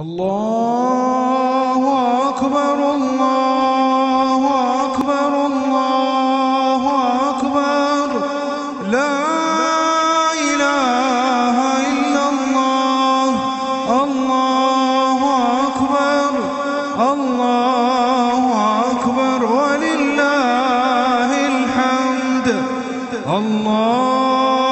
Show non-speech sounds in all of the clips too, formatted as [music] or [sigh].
الله أكبر الله أكبر الله أكبر لا إله إلا الله الله أكبر الله أكبر ولله الحمد الله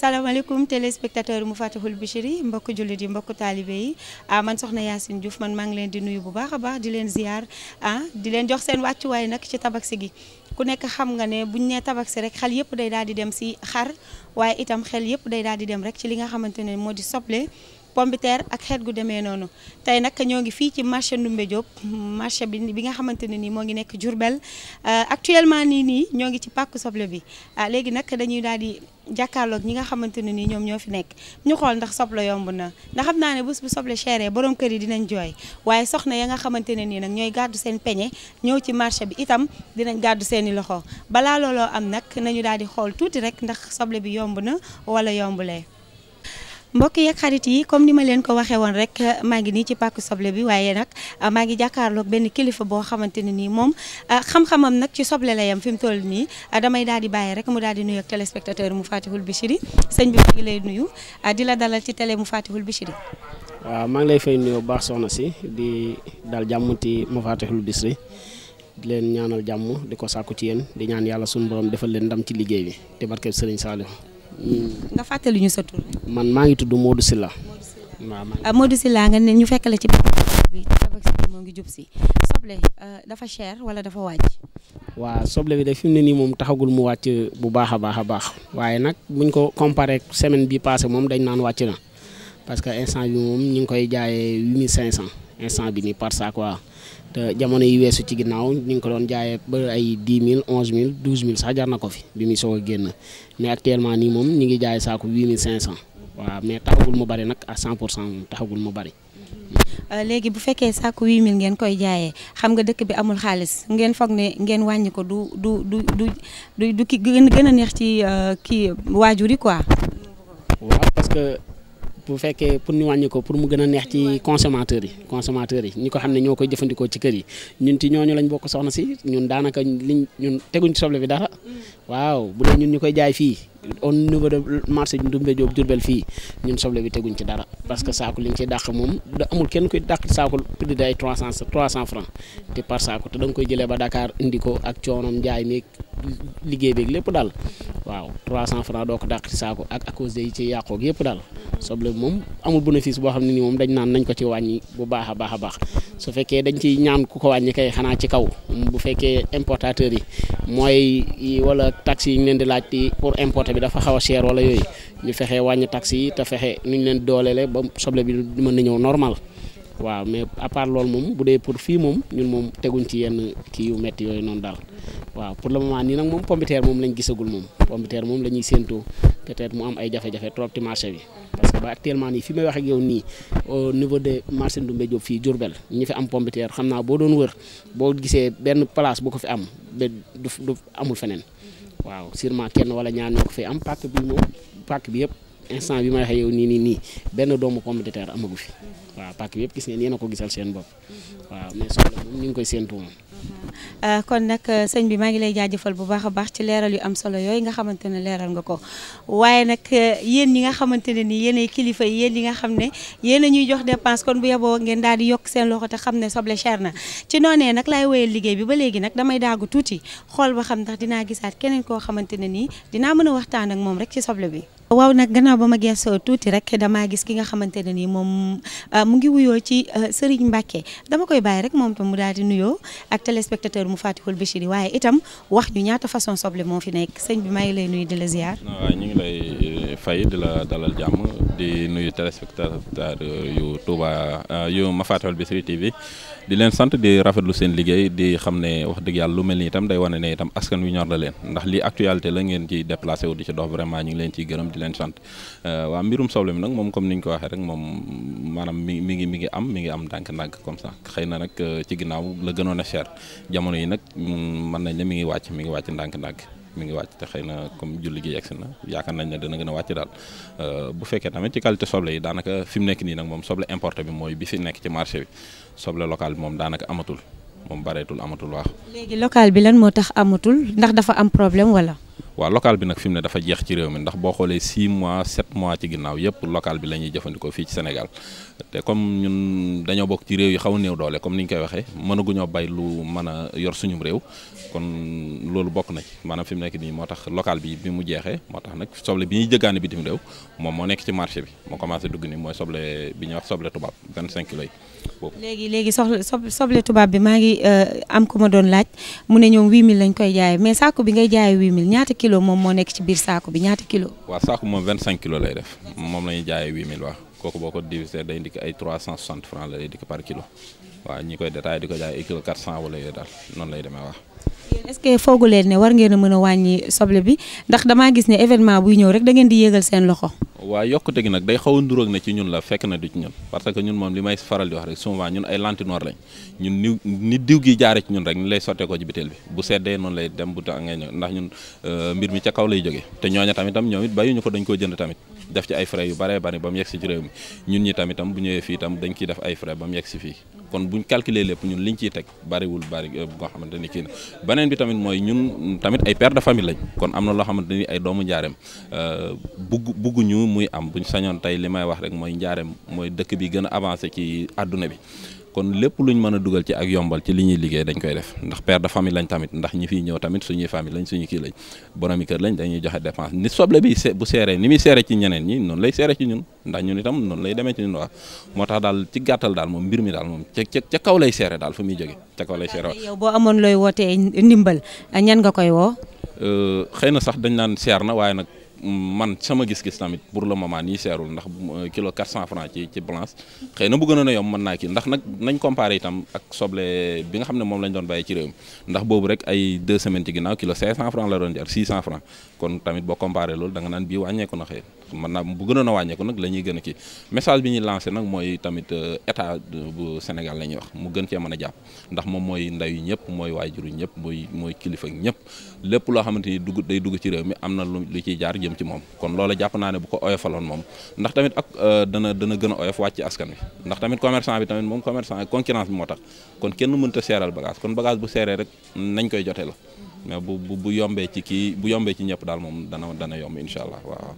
salaamaaleykum téléspectateur mu fatihul bichri mbokk jullit yi mbokk taalibe yi ah, man soxna Yacine Diouf man maa ngi leen di nuyu bu baax a baax di leen ziar ah, di leen jox seen wàccuwaay nag ci tabaski gi ku nekk xam nga ne buñ nee tabaski rek xel yëpp day daal di dem si xar waaye itam xel yëpp day daal di dem rek ci li nga xamante ne moo di soble pombiteer ak xeet gu demee noonu tey nag ñoo ngi fii ci marché Ndoumbé Diop marché bi bi nga xamante ne nii moo ngi nekk Diourbel euh, actuellement nii nii ñoo ngi ci pàkku soble bi ah, léegi nag dañuy daal di jàkkaarloog ñi nga xamante ne nii ñoom ñoo fi nekk ñu xool ndax soble yomb na ndax xam naa ne bés bu soble chéré borom kër yi dinañ jooy waaye soxna ya nga xamante ne nii nag ñooy gàddu seen peñe ñëw ci marché bi itam dinañ gàddu seeni loxo balaa looloo am nag nañu daal di xool tuuti rek ndax soble bi yomb na wala yombulee mbokk yeeg xarit yi comme ni ma leen ko waxee woon rek maa ngi nii ci pàkk soble bi waaye nag maa ngi jàkkaarloog benn kilifa boo xamante ne nii moom xam-xamam nag ci soble la yam fi mu toll nii damay daal di bàyyi rek mu daal di nuyu ak téléspectateur mu Fatihul Bichri sëñ bi maa ngi lay nuyu di la dalal ci télé mu Fatihul Bichri. waaw maa ngi lay fay nuyu baax soxna si di dal jàmm ti mu Fatihul Bichri di leen ñaanal jàmm di ko sàkku ci yéen di ñaan yàlla suñu borom defal leen ndam ci liggéey bi te barkeb Sëriñ Saliou nga fàttali ñu sa tur. man maa ngi tudd Modou Sylla. waaw ah, Modou Sylla nga ne ñu fekk la ci bi tabax moo ngi jub si soble euh, dafa cher wala dafa wàcc. waaw soble bi de fi mu ne nii moom taxagul mu wàcc bu baax a baax a baax waaye nag buñ ko comparé semaine bi passé moom dañ naan wàcc na parce que instant bi moom ñu ngi koy jaayee huit mille instant bi nii par sac quoi te jamono yi weesu ci ginnaaw ñu ngi ko doon jaayee ba ay dix mille onze mille douze mille sax jar na ko fi bi muy soog génn mais actuellement nii moom ñu ngi jaay saako huit mille cinq cent waaw mais taxagul mu bari nag à cent pour cent moom taxagul mu euh, ngeen koy jaayee xam nga dëkk bi amul xaalis ngeen foog ne ngeen wàññi ko du du du du du ki gën a neex ci euh, ki waajur yi quoi. bu fekkee pour ñu wàññi ko pour mu gën a neex ci consommateur yi consommateur yi ñu ko xam ne ñoo koy jëfandikoo ci kër yi ñun ci ñooñu lañ bokk soxna si ñun daanaka liñ ñun teguñ ci soble bi dara waaw bu dee ñun ñu koy jaay fii au niveau de du Ndoumbé Diop Diourbel fii ñun soble bi teguñ ci dara parce que saaku liñ ciy dàq moom da amul kenn koy dàq saaku prix day trois cent trois cent francs te par saaku te da koy jëlee ba dakaar indiko ko ak coonoom njaay mi liggéey beeg lépp daal waaw 300 francs doo ko dàq ci saako ak à cause yi ci yàqoog yëpp daal soble moom amul bénéfice boo xam ne ni moom dañ naan nañ ko ci wàññi bu baax a baax a baax su fekkee dañ ciy ñaan ku ko wàññi kay xanaa ci kaw bu fekkee importateurs yi mooy wala taxes yi ñu leen di laaj ti pour importer bi dafa xaw a cher wala yooyu ñu fexe wàññi taxes yi te fexe nu ñu leen dooleele ba soble bi mën na ñëw normal waaw mais à part moom bu dee pour fii moom ñun moom teguñ ci yenn kii yu métti yooyu noonu daal waaw pour le moment nii nag moom pompiteer moom lañ gisagul moom pompiteer moom la ñuy séentoo peut-être mu am ay jafe-jafe trop ci marché bi parce que ba actuellement nii fi may wax ak yow nii niveau de marché Ndoumbé Diop fii Diourbel ñu fi am pompiteer xam naa boo doon wër boo gisee benn place bu ko fi am ba du amul feneen waaw sûrement kenn wala ñaar ñoo ko am pàcc bi moom pàcc bi yëpp instant bi may waxee yow nii nii nii benn doomu pomme de terre amagu fi waaw pàcc bi yëpp gis ngeen yéen a ko gisal seen bopp waaw mais soxla moom ñu ngi koy séentu moom Euh, kon nag euh, sëñ bi maa ngi lay jaajëfal bu baax a baax ci leeral yu am solo yooyu nga xamante ne leeral nga ko waaye nag euh, yéen ñi nga xamante ne nii yéenay kilifa yi ñi nga xam ne yéen a ñuy jox dépense kon bu yeboo ngeen daal di yokk seen loxo te xam ne soble cher na ci noonee nag laay woyal liggéey bi ba léegi nag damay daagu tuuti xool ba xam ndax dinaa gisaat keneen koo xamante ne nii dinaa mën a waxtaan ak moom rek ci soble bi. waaw nag gannaaw ba ma geesoo tuuti rek damaa gis ki nga xamante ne nii moom mu ngi wuyoo ci Serigne Mbacke dama koy bàyyi rek moom tam mu daal di nuyoo ak téléspectateur téléspectateur mu Fatihul Bichri waaye itam wax ñu ñaata façon soble moo fi nekk sëñ bi maa ngi lay nuyu di la ziar. waaw ñu ngi lay euh, fay di la dalal jàmm di nuyu téléspectateur euh, yu Touba euh, yu Mafaatihul Bichri TV di leen sant di rafetlu seen liggéey di xam ne wax dëgg yàlla lu mel ni itam day wane ne itam askan wi ñor la leen ndax li actualité la ngeen ci déplacé wu di ci dox vraiment ñu ngi leen ciy gërëm di leen sant euh, waa mbirum soble mi nag moom comme ni ñu ko waxee rek moom maanaam mi mi ngi mi ngi am mi ngi am ndànk-ndànk comme ça xëy na nag ci ginnaaw la gënoon a cher jamono yi nag mm, mën nañ ne mi ngi wàcc mi ngi wàcc ndànk-ndànk mi ngi wàcc te xëy na comme julli gi yegsi na yaakaar nañ ne dana gën a wàcc daal euh, bu fekkee tamit ci qualité soble yi daanaka fi mu nekk nii nag moom soble importé bi mooy bi fi nekk ci marché bi soble local bi moom daanaka amatul moom bareetul amatul waax léegi local bi lan moo tax amatul ndax dafa am problème wala. waaw local bi nag fi mu ne dafa jeex ci réew mi ndax boo xoolee 6 mois 7 mois ci ginnaaw yëpp local bi la jëfandikoo fii ci Sénégal te comme ñun dañoo bokk ci réew yi xaw a néew doole comme ni ñu koy waxee fi mu bi moo tax nag soble bi ñuy moo nekk ci marché bi moo commencé dugg ni mooy soble bi ñuy wax soble tubaab 25 bi maa ngi euh, am ku ma doon laaj mu saako bi ngay jaayee 8000 ñaata kilo moom moo nekk ci biir saako bi ñaata kilo waaw saako moom vingt lay def moom la jaayee huit mille kooku boo ko divisé day ndikk ay trois cent soixante franc la lay dikk par kilo waaw ñi koy détaillé di ko jaay ay kilo quatre cent wala yooyu daal noonu lay demee waaw est-ce que foogu leen ne war ngeen a mën a wàññi soble bi ndax damaa gis ne événement buy ñëw rek dangeen di yéegal seen loxo. waaw yokkute gi nag day xaw a nduróog ne ci ñun la fekk na du ci ñun parce que ñun moom li may faral di wax rek souvent ñun ay lantinoor lañ ñun ni ni diw gi jaare ci ñun rek ni lay sottee ko ci bi bu seddee noonu lay dem bu tàngee ñun euh, mbir mi ca kaw lay jógee te ñooña tamit tam ñoom it bàyyiñu ko dañ koo jënd tamit def ci ay frais yu bare bari ba mu yegg si ci réew mi ñun ñi tam bu ñëwee fii tam dañ ciy def ay frais ba mu yegg fii kon buñ calculer lépp ñun liñ ciy teg bariwul bari euh, bu xamante ni kii na beneen bi tamit mooy ñun tamit ay père de famille lañ kon am na loo xamante ni ay doomu njaareem euh, bugg ñu muy am buñ sañoon tey li may wax rek mooy njaareem mooy dëkk bi gën a avancé ci àdduna bi kon lépp luñ mën a dugal ci ak yombal ci li ñuy liggéey dañ koy def ndax per de famille lañ tamit ndax ñi fi ñëw tamit suñuy famille lañ suñu kii lañ boromi kër lañ dañuy joxe dépense ni soble bi bu seeree ni muy seere ci ñeneen ñi noonu lay seere ci ñun ndax ñun itam noonu lay demee ci ñun waa moo tax daal ci gàttal daal moom mbir mi daal moom ca ca kaw lay seere daal fu muy jóge ca kaw lay seere waaw yow boo amoon looy euh, xëy na sax dañ naan seer na waaye nag man sama gis-gis tamit pour le moment nii seerul ndax euh, kilo 400 francs ci ci balance xëy na bu gënoon a yomb mën naa kii ndax nag nañ comparé itam ak soble bi nga xam ne moom lañ doon bàyyi ci réew ndax boobu rek ay deux semaines ci ginnaaw kilo 500 francs la doon jar 600 francs kon tamit boo comparé loolu da naan bii wàññeeku na xëy man naa bu gënoon a wàññeeku nag la ñuy gën a kii message bi ñuy lancé nag mooy tamit euh, état bu Sénégal la ñuy wax mu gën cee mën a jàpp ndax moom mooy ndayu ñëpp mooy waajuru ñëpp mooy mooy kilifa ñëpp lépp loo xamante ni dugg day dugg ci mi am na lu ciy jaar jëm ci moom kon loola jàpp naa ne bu ko oyofaloon moom ndax tamit ak euh, dana dana gën a oyof wàcc ci askan wi ndax tamit commerçant bi tamit moom commerçant concurrence bi moo tax kon kenn mënta seeral bagage kon bagage bu seeree rek nañ koy jotee la mais bu bu yombee ci kii bu yombee ci ñëpp daal moom dana dana yomb incha allah waaw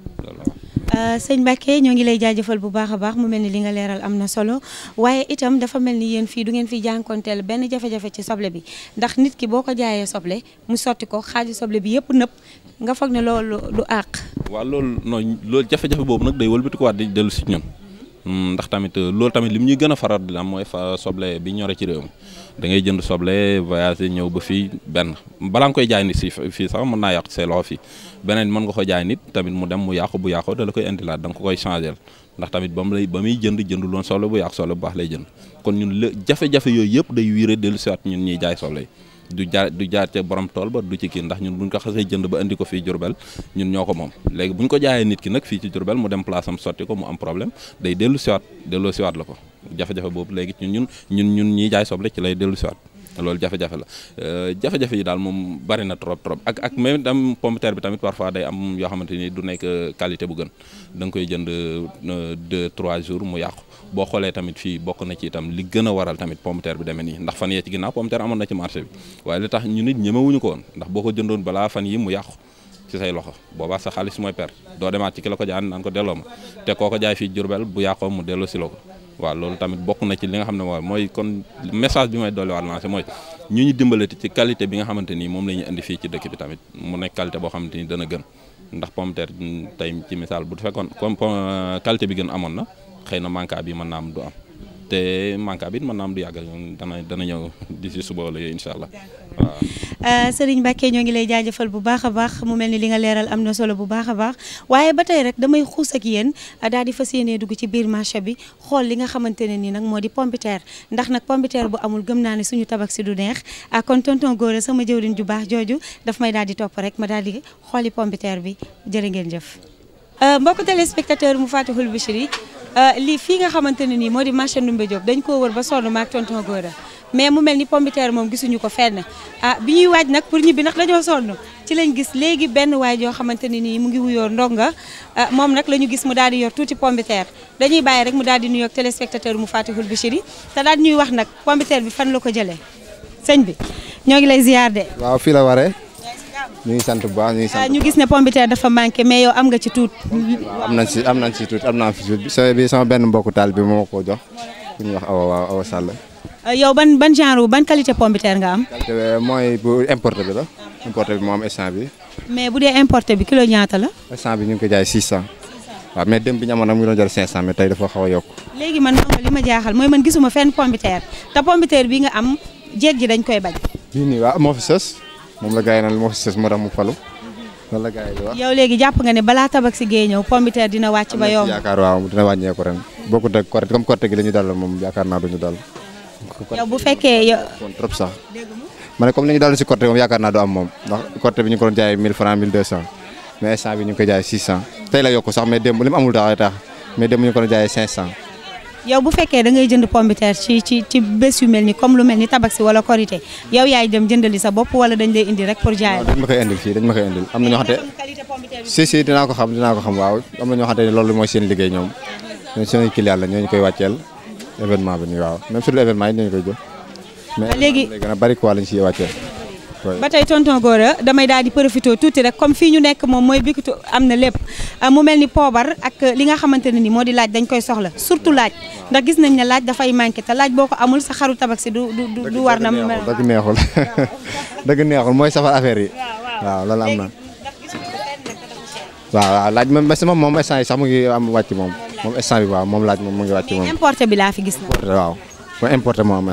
euh, sëñ Mbacke ñoo ngi lay jaajëfal bu baax a baax mu mel ni li nga leeral am na solo waaye itam dafa mel ni yéen fii du ngeen fi jànkonteel benn jafe-jafe ci soble bi ndax nit ki boo ko jaayee soble mu sotti ko xaaju soble bi yëpp nëpp nga foog ne loolu lu àq. waaw loolu non loolu jafe-jafe boobu nag day wëlbatikuwaat di dellu si ñun. Hmm, ndax tamit euh, loolu tamit li mu ñuy gën a faral di am mooy fa soble bi ñore ci réew mi da jënd soble voyager ñëw ba fii benn bala nga koy jaay nit si fii sax mën naa yàq say loxo fii beneen mën nga ko jaay nit tamit mu dem mu yàqu bu yàqu da la koy indilaat da nga ko koy changé ndax tamit ba mu lay ba muy jënd jënd loon soble bu yàqu soble bu baax lay jënd kon ñun jafe-jafe yooyu yëpp day wiire dellu siwaat ñun ñuy jaay soble yi du jaar du jaar ca borom tool ba du ci kii ndax ñun buñ ko xasee jënd ba indi ko fii Jurbel ñun ñoo ko moom léegi buñ ko jaayee nit ki nag fii ci Jurbel mu dem place am sotti ko mu am problème day dellu siwaat dellu siwaat la ko jafe-jafe boobu léegi ñun ñun ñun ñun ñiy jaay soble ci lay dellu siwaat loolu jafe-jafe la euh, jafe-jafe yi daal moom bari na trop trop ak ak même tam pomme terre bi tamit parfois day am yoo xamante ni du nekk euh, qualité bu gën da nga koy jënd euh, deux trois jours mu yàqu boo xoolee tamit fii bokk na ci itam li gën a waral tamit pomme terre bi demee nii ndax fan yee ci ginnaaw pomme de terre amoon na ci marché bi waaye li tax ñu nit ñemewuñu ko woon ndax boo ko jëndoon balaa fan yi mu yàqu ci say loxo boobaa sa xaalis mooy per doo demaat ci ki la ko jaan naan ko delloo ma te koo ko jaay fii Jurbel bu mu delloo si la ko waaw loolu tamit bokk na ci li nga xam ne mooy mooy kon message bi may dolliwaat lancé mooy ñu ñu dimbalati ci qualité bi nga xamante ni moom la ñuy indi fii ci dëkk bi tamit mu nekk qualité boo xamante ni dana gën ndax pomme terre tey ci misaal bu fekkoon comme qualité bi gën amoon na xëy na manca bi mën naa am du am te manca bi mën naa am du yàgg dana dana ñëw [laughs] d'ici suba la yooyu incha allah waaw Euh, Serigne Mbacke ñoo ngi lay jaajëfal bu baax a baax mu mel ni li nga leeral am na solo bu baax a baax waaye ba tey rek damay xuus ak daal di fas yéenee dugg ci biir marché bi xool li nga xamante ne nii nag moo di pompiteer ndax nag pompiteer bu amul gëm naa ne suñu tabak si du neex ah, kon tonton Gora sama jëwriñ ju baax jooju dafa may daal di topp rek ma daal di xooli pompiteer bi jërë ngeen jëf euh, mbokk téléspectateur mu Fatihul Bichri Euh, lii fii nga xamante ne nii moo di marché Ndoumbé Diop dañ koo wër ba sonn maak tonton Gora mais mu mel ni pombiteer moom gisuñu ko fenn ah bi ñuy waaj nag pour ñibbi ndax dañoo sonn ci lañ gis léegi benn waay joo xamante ne nii mu ngi wuyoo ndonga ah, moom nag la ñu gis mu daal di yor tuuti pombiteer dañuy bàyyi rek mu daal di nuyoog téléspectateur mu Fatihul Bichri te daal ñuy wax nag pombiteer bi fan la ko jëlee sëñ bi ñoo ngi lay ziar de. waaw fii la waree. ñu ngi sant bu baax ah, ñu ngi sant ñu gis ne pomme de terre dafa manqué mais yow am nga ci tuut. am nañ si am nañ si tuut am naa fi tuut sa bi sama benn mbokku taal bi moo ko jox ku ñuy wax awa waaw awa Sall. Euh, yow ban ban genre ban qualité pomme de terre nga am. qualité euh, mooy bu importé bi la. importé bi moo am instant bi. mais bu dee importé bi kilo ñaata la. instant bi ñu ngi ko jaay 600. waaw mais démb bi ñu amoon nag mu ngi doon jar 500 mais tey dafa xaw a yokk. léegi man moom li ma jaaxal mooy man gisuma fenn pomme de terre te pomme de terre bi nga am jéeg ji dañ koy bañ. bii nii waaw moo fi sës. moom la gars yi naan moo fi moo tax mu falu loolu léegi jàpp nga ne balaa tabax si géey ñëw pombiteer dina wàcc ba yomb. yaakaar waaw dina wàññeeku ren bokkut ak corte comme corte gi la ñu dal moom yaakaar naa duñu dal. yow bu fekkee yow trop comme li ñu daloon si corte moom yaakaar naa du am moom ndax corte bi ñu ko doon jaay francs 1200 mais instant mais démb li ñu ko doon jaayee 500 yow bu fekkee da ngay jënd pombiteer ci ci ci bés yu mel ni comme lu mel ni tabaski wala korité yow yaay dem jëndali sa bopp wala dañ lay indi rek pour jaay dañ ma koy indil na si dinaa ko xam dinaa ko xam waaw am na ñoo xamante ne loolu mooy seen liggéey ñoom ñoom seen client la ñooñu koy wàcceel événement bi nii waaw même sur événement yi ñu koy jox mais léegi gën a bari quoi lañ siy wàcceel ba tey tonton Gora damay daal di profité tuuti rek comme fii ñu nekk moom mooy bikitu am Euh, mu mel ni poobar ak euh, li nga xamante ne ni moo di laaj dañ koy soxla surtout laaj ndax gis nañ ne laaj dafay manqué te laaj boo ko amul sa xaru tabaski du du war na dëgg neexul [laughs] dëgg neexul mooy safar affaire yi waaw na waaw laaj moom ba si moom moom instant sax mu ngi am wàcc moom moom instant bi moom laaj moom mu ngi wàcc moom importé bi laa fi gis na waaw mooy importé moo am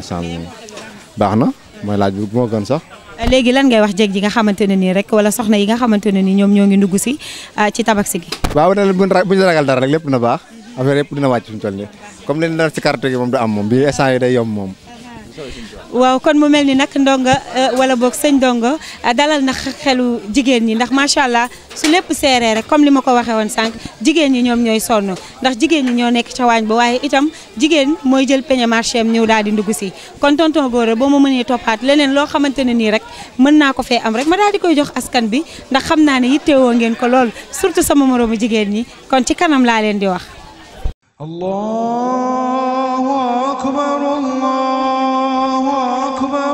baax na mooy laaj bi moo gën sax léegi lan ngay wax jéeg ji nga xamante ne nii rek wala soxna yi nga xamante ne nii ñoom ñoo ngi ndugg si ah, ci tabaski gi waaw na bu ñu ragal dara rek lépp na baax affaire yëpp dina wàcc fi mu nii comme leen dara si carte gi moom du am moom bi instant yi moom waaw kon mu mel ni nag ndongo euh, wala boog sëñ ndongo euh, dalal na xelu jigéen ñi ndax macha allah su lépp seeree rek comme li ma ko waxee woon sànq jigéen ñi ñoom ñooy sonn ndax jigéen ñi ñoo nekk ca waañ ba waaye itam jigéen mooy jël peñe marché am ñëw daal di ndugg si kon tonton Gora boo ma mënee toppaat leneen loo xamante ne nii rek mën naa ko fee am rek ma daal di koy jox askan bi ndax xam naa ne yittewoo ngeen ko lool surtout sama moroomu jigéen ñi kon ci kanam laa leen di wax. أكبر